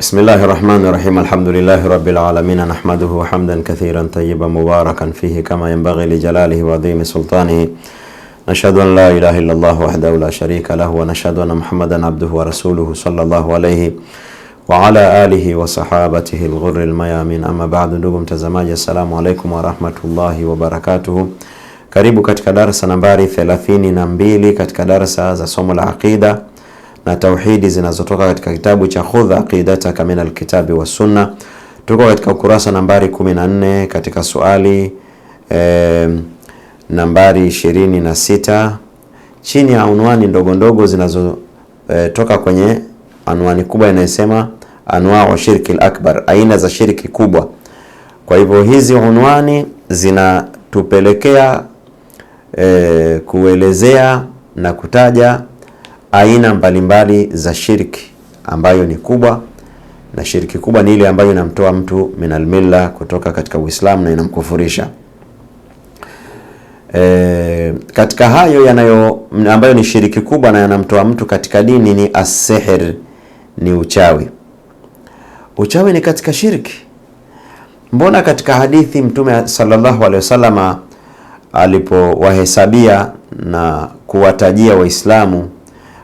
بسم الله الرحمن الرحيم الحمد لله رب العالمين نحمده حمدا كثيرا طيبا مباركا فيه كما ينبغي لجلاله وعظيم سلطانه نشهد أن لا إله إلا الله وحده لا شريك له ونشهد أن محمدا عبده ورسوله صلى الله عليه وعلى آله وصحابته الغر الميامين أما بعد تزماج السلام عليكم ورحمه الله وبركاته karibu katika darasa nambari 32 katika darasa za صوم العقيده na tauhidi zinazotoka katika kitabu cha Khudha aqidataka min alkitabi wa sunna. Tuko katika ukurasa nambari 14 katika suali eh, nambari 26 chini ya unwani ndogo ndogo zinazotoka e, eh, kwenye anwani kubwa inayosema anwau shirki akbar, aina za shirki kubwa. Kwa hivyo hizi unwani zinatupelekea eh, kuelezea na kutaja aina mbalimbali za shirki ambayo ni kubwa, na shirki kubwa ni ile ambayo inamtoa mtu minal milla, kutoka katika Uislamu na inamkufurisha. E, katika hayo yanayo ambayo ni shiriki kubwa na yanamtoa mtu katika dini ni asihir, ni uchawi. Uchawi ni katika shirki. Mbona katika hadithi Mtume sallallahu alaihi wasallama alipowahesabia na kuwatajia Waislamu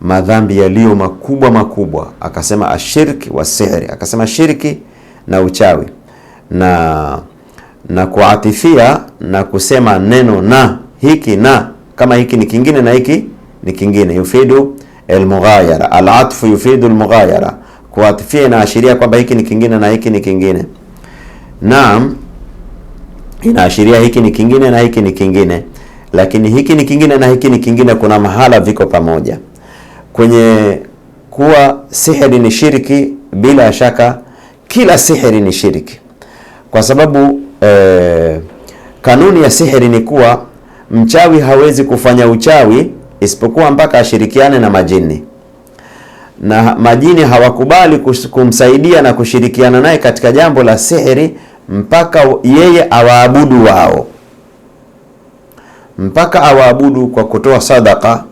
madhambi yaliyo makubwa makubwa, akasema ashirki wa sihri, akasema shirki na uchawi na na kuatifia na kusema neno na hiki na kama hiki ni kingine na hiki ni kingine, yufidu almughayara, alatfu yufidu almughayara, kuatifia inaashiria kwamba hiki ni kingine na hiki ni kingine. Naam, inaashiria hiki ni kingine na hiki ni kingine, lakini hiki ni kingine na hiki ni kingine kuna mahala viko pamoja kwenye kuwa sihiri ni shiriki bila shaka kila sihiri ni shiriki kwa sababu e, kanuni ya sihiri ni kuwa mchawi hawezi kufanya uchawi isipokuwa mpaka ashirikiane na majini, na majini hawakubali kumsaidia na kushirikiana naye katika jambo la sihiri mpaka yeye awaabudu wao, mpaka awaabudu kwa kutoa sadaka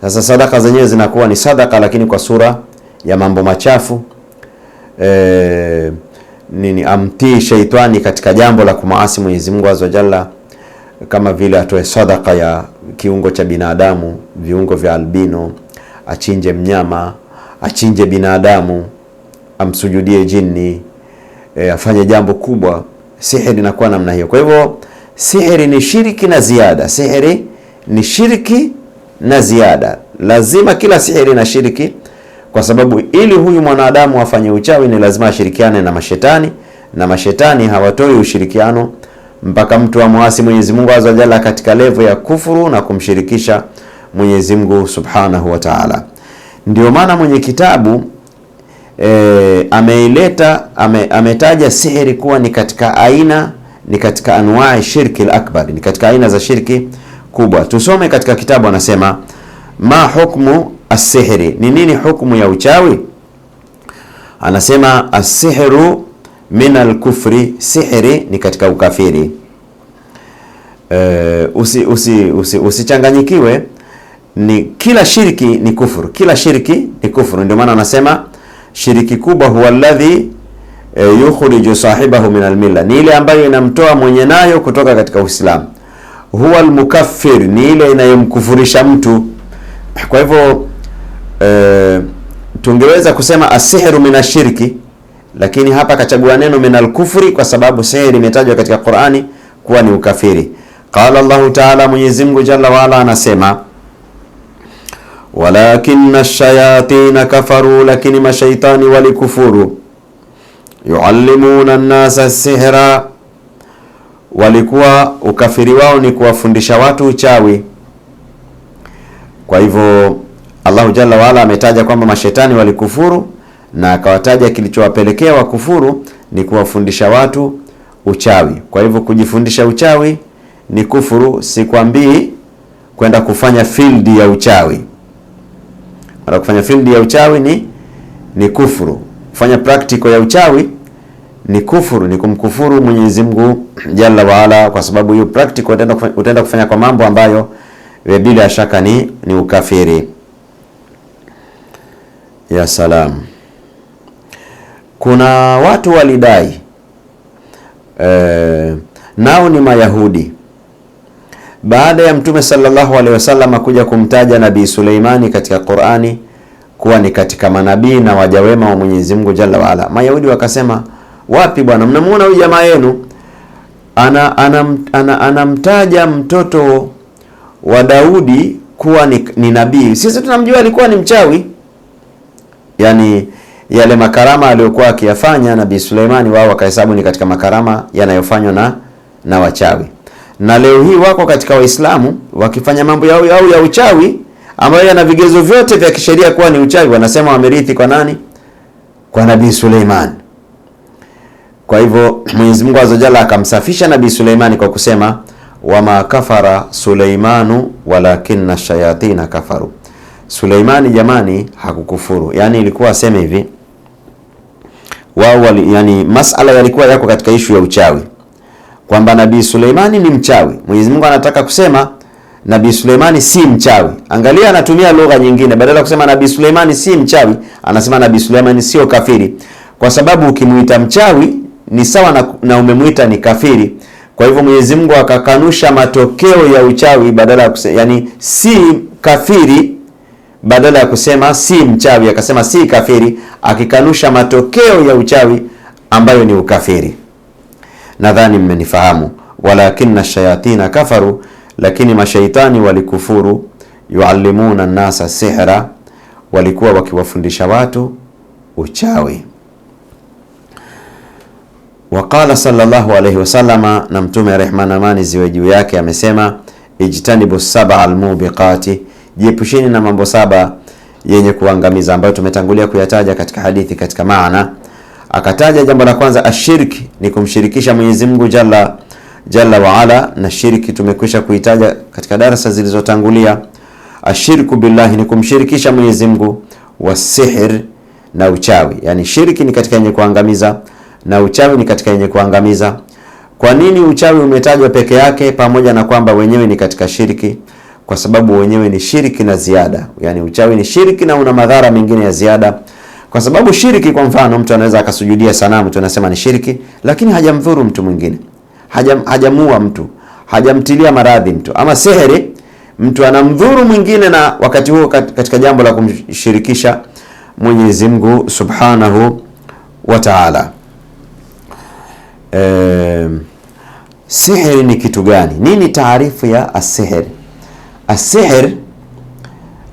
sasa sadaka zenyewe zinakuwa ni sadaka, lakini kwa sura ya mambo machafu e, nini, amtii sheitani katika jambo la kumaasi Mwenyezi Mungu azza jalla, kama vile atoe sadaka ya kiungo cha binadamu, viungo vya albino, achinje mnyama, achinje binadamu, amsujudie jini, e, afanye jambo kubwa. Sihiri inakuwa namna hiyo. Kwa hivyo sihiri ni shiriki na ziada. Sihiri ni shirki na ziada. Lazima kila sihiri na shiriki, kwa sababu ili huyu mwanadamu afanye uchawi ni lazima ashirikiane na mashetani, na mashetani hawatoi ushirikiano mpaka mtu amwasi Mwenyezi Mungu azza jalla katika levo ya kufuru na kumshirikisha Mwenyezi Mungu subhanahu wa taala. Ndio maana mwenye kitabu e, ameileta ame, ametaja sihiri kuwa ni katika aina ni katika anwaa shirki al-akbar, ni katika aina za shirki kubwa. Tusome katika kitabu, anasema ma hukmu asihri, ni nini hukmu ya uchawi? Anasema asihru min alkufri, sihri ni katika ukafiri. E, eh, usichanganyikiwe usi, usi, usichanganyikiwe ni kila shiriki ni kufuru, kila shirki ni kufuru. Ndio maana anasema shiriki kubwa huwa alladhi e, eh, yukhriju sahibahu min almilla, ni ile ambayo inamtoa mwenye nayo kutoka katika Uislamu huwa almukaffir ni ile inayomkufurisha mtu. Kwa hivyo e, tungeweza kusema asihru min ashirki, lakini hapa akachagua neno min alkufri kwa sababu sihir imetajwa katika Qur'ani kuwa ni ukafiri. Qala Allahu Ta'ala, Mwenyezi Mungu Jalla waala anasema walakina shayatina kafaru, lakini mashaitani walikufuru, yuallimuna nnasa sihra walikuwa ukafiri wao ni kuwafundisha watu uchawi. Kwa hivyo Allahu Jalla waala ametaja kwamba mashetani walikufuru na akawataja kilichowapelekea wakufuru ni kuwafundisha watu uchawi. Kwa hivyo kujifundisha uchawi ni kufuru, sikwambii kwenda kufanya field ya uchawi. Mara kufanya field ya uchawi ni ni kufuru. Kufanya practical ya uchawi ni kufuru, ni kumkufuru Mwenyezi Mungu Jalla waala, kwa sababu hiyo practical utaenda kufanya, utaenda kufanya kwa mambo ambayo eh, bila shaka ni, ni ukafiri. Ya salam, kuna watu walidai e, nao ni Mayahudi baada ya Mtume sallallahu alaihi wasallam kuja kumtaja Nabii Suleimani katika Qur'ani kuwa ni katika manabii na wajawema wa Mwenyezi Mungu Jalla waala, Mayahudi wakasema wapi bwana, mnamuona huyu jamaa yenu ana, ana, ana, anamtaja mtoto wa Daudi kuwa ni, ni nabii. Sisi tunamjua alikuwa ni mchawi, yaani yale makarama aliyokuwa akiyafanya Nabii Suleimani, wao wakahesabu ni katika makarama yanayofanywa na na wachawi, na leo hii wako katika Waislamu wakifanya mambo yao au ya uchawi ambayo yana vigezo vyote vya kisheria kuwa ni uchawi, wanasema wamerithi kwa nani? Kwa Nabii Suleimani. Kwa hivyo Mwenyezi Mungu Azza Jalla akamsafisha Nabii Suleimani kwa kusema wama kafara Suleimanu walakinna shayatina kafaru, Suleimani jamani hakukufuru. Yani ilikuwa aseme hivi wao, wali, yani masala yalikuwa yako katika ishu ya uchawi kwamba Nabii Suleimani ni mchawi. Mwenyezi Mungu anataka kusema Nabii Suleimani si mchawi. Angalia, anatumia lugha nyingine, badala ya kusema Nabii Suleimani si mchawi, anasema Nabii Suleimani sio kafiri, kwa sababu ukimuita mchawi ni sawa na, na umemwita ni kafiri. Kwa hivyo Mwenyezi Mungu akakanusha matokeo ya uchawi badala ya kusema yani si kafiri badala ya kusema si mchawi, akasema si kafiri, akikanusha matokeo ya uchawi ambayo ni ukafiri. Nadhani mmenifahamu. Walakinna shayatina kafaru, lakini mashaitani walikufuru. Yuallimuna nasa sihra, walikuwa wakiwafundisha watu uchawi. Waqala sallallahu alayhi wasallama, na Mtume rehma na amani ziwe juu yake amesema, ijtanibu saba almubiqati, jiepusheni na mambo saba yenye kuangamiza, ambayo tumetangulia kuyataja katika hadithi katika maana. Akataja jambo la kwanza, ashirki ni kumshirikisha Mwenyezi Mungu jalla jalla waala, na shirki tumekwisha kuitaja katika darasa zilizotangulia. Ashirku billahi ni kumshirikisha Mwenyezi Mungu, wasihir na uchawi, yani shirki ni katika yenye kuangamiza na uchawi ni katika yenye kuangamiza. Kwa nini uchawi umetajwa peke yake pamoja na kwamba wenyewe ni katika shiriki? Kwa sababu wenyewe ni shiriki na ziada, yaani uchawi ni shiriki na una madhara mengine ya ziada, kwa sababu shiriki, kwa mfano, mtu anaweza akasujudia sanamu, tunasema ni shiriki, lakini hajamdhuru mtu mwingine, hajam, hajamua mtu, hajamtilia maradhi mtu. Ama sehere, mtu anamdhuru mwingine na wakati huo katika jambo la kumshirikisha Mwenyezi Mungu Subhanahu wa Ta'ala e, sihiri ni kitu gani? Nini taarifu ya asihir? Asihir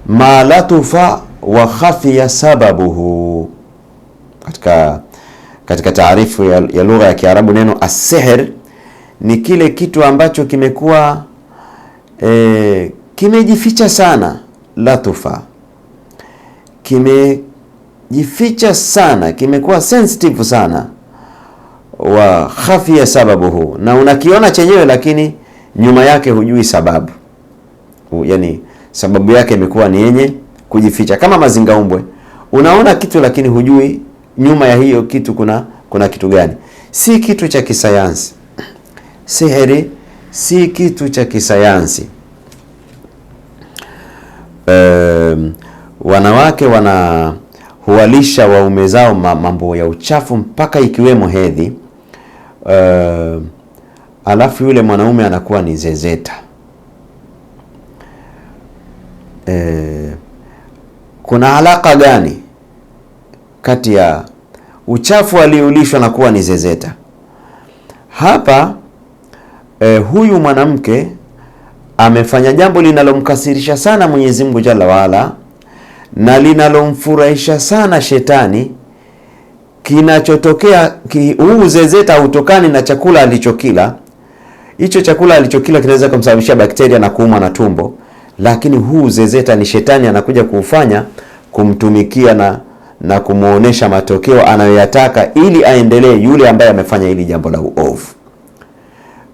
ma latufa wa khafiya sababuhu. Katika, katika taarifu ya, ya lugha ya Kiarabu neno asihir ni kile kitu ambacho kimekuwa e, kimejificha sana. Latufa kimejificha sana, kimekuwa sensitive sana wa sababu sababuhu, na unakiona chenyewe lakini nyuma yake hujui sababu. Yani sababu yake imekuwa ni yenye kujificha, kama mazingaumbwe. Unaona kitu lakini hujui nyuma ya hiyo kitu kuna kuna kitu gani. Si kitu cha kisayansi siheri, si kitu cha kisayansi um, wanawake wana huwalisha waume zao mambo ya uchafu mpaka ikiwemo hedhi uh, alafu yule mwanaume anakuwa ni zezeta Uh, kuna alaka gani kati ya uchafu aliyeulishwa na kuwa ni zezeta hapa? uh, huyu mwanamke amefanya jambo linalomkasirisha sana Mwenyezi Mungu Jalla waala na linalomfurahisha sana shetani kinachotokea huu zezeta hutokani na chakula alichokila. Hicho chakula alichokila kinaweza kumsababishia bakteria na kuumwa na tumbo, lakini huu zezeta ni shetani anakuja kuufanya kumtumikia na na kumuonesha matokeo anayoyataka ili aendelee yule ambaye amefanya hili jambo la uovu.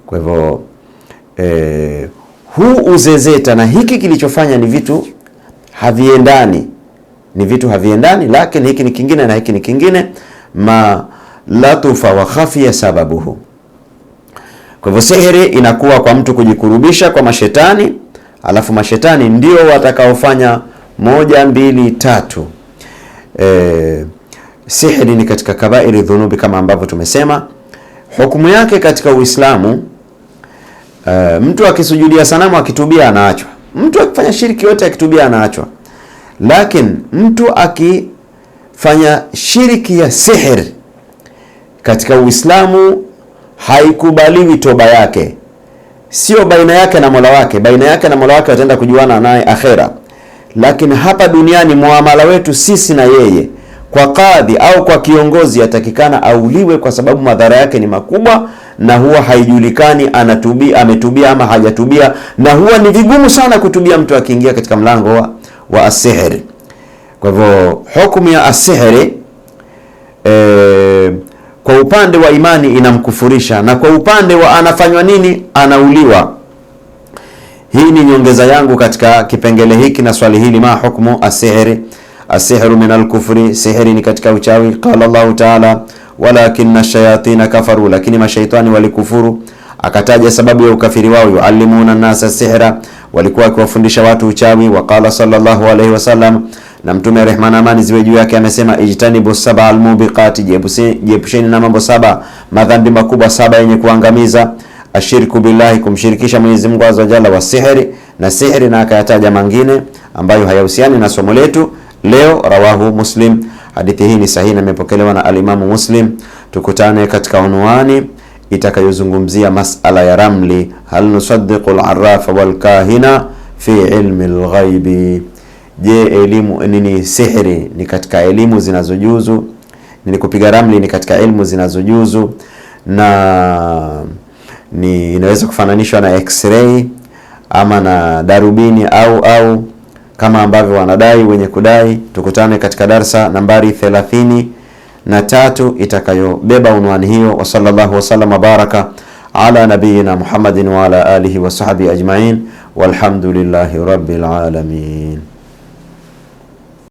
Kwa hivyo eh, huu uzezeta na hiki kilichofanya ni vitu haviendani, ni vitu haviendani, lakini hiki ni kingine na hiki ni kingine ma latufa wa khafia sababuhu. Kwa hivyo sihiri inakuwa kwa mtu kujikurubisha kwa mashetani, alafu mashetani ndio watakaofanya moja, mbili, tatu. E, sihiri ni katika kabairi dhunubi kama ambavyo tumesema. Hukumu yake katika Uislamu, e, mtu akisujudia sanamu akitubia anaachwa. Mtu akifanya shirki yote akitubia anaachwa, lakini mtu aki fanya shiriki ya sihir katika Uislamu haikubaliwi toba yake, sio baina yake na Mola wake. Baina yake na Mola wake wataenda kujuana naye akhera, lakini hapa duniani muamala wetu sisi na yeye kwa kadhi au kwa kiongozi atakikana auliwe, kwa sababu madhara yake ni makubwa, na huwa haijulikani anatubia, ametubia ama hajatubia, na huwa ni vigumu sana kutubia mtu akiingia katika mlango wa, wa asihiri. Kwa hivyo hukumu ya asihri e, eh, kwa upande wa imani inamkufurisha, na kwa upande wa anafanywa nini, anauliwa. Hii ni nyongeza yangu katika kipengele hiki na swali hili, ma hukmu asihri, asihru min alkufri, sihri ni katika uchawi. Qala Allahu taala walakina ash-shayatina kafaru, lakini mashaitani walikufuru. Akataja sababu ya ukafiri wao, yuallimuna nasa sihra walikuwa wakiwafundisha watu uchawi. Waqala sallallahu alaihi wasallam, na Mtume wa rehma na amani ziwe juu yake amesema, ijtanibu saba almubiqati, jiepusheni na mambo saba, madhambi makubwa saba yenye kuangamiza ashirku billahi, kumshirikisha Mwenyezi Mungu azza jalla, wa sihri na sihri, na akayataja mangine ambayo hayahusiani na somo letu leo. Rawahu Muslim. Hadithi hii ni sahihi na imepokelewa na alimamu Muslim. Tukutane katika unwani itakayozungumzia masala ya ramli, hal nusaddiqu larafa walkahina fi ilmi lghaibi Je, elimu nini? sihri ni katika elimu zinazojuzu, ni kupiga ramli ni katika elimu zinazojuzu, na ni inaweza kufananishwa na x-ray ama na darubini au au kama ambavyo wanadai wenye kudai. Tukutane katika darsa nambari 30 na tatu itakayobeba unwani hiyo. Wa sallallahu wasallam baraka ala nabiyina Muhammadin wa ala alihi wa sahbihi ajma'in walhamdulillahi rabbil alamin.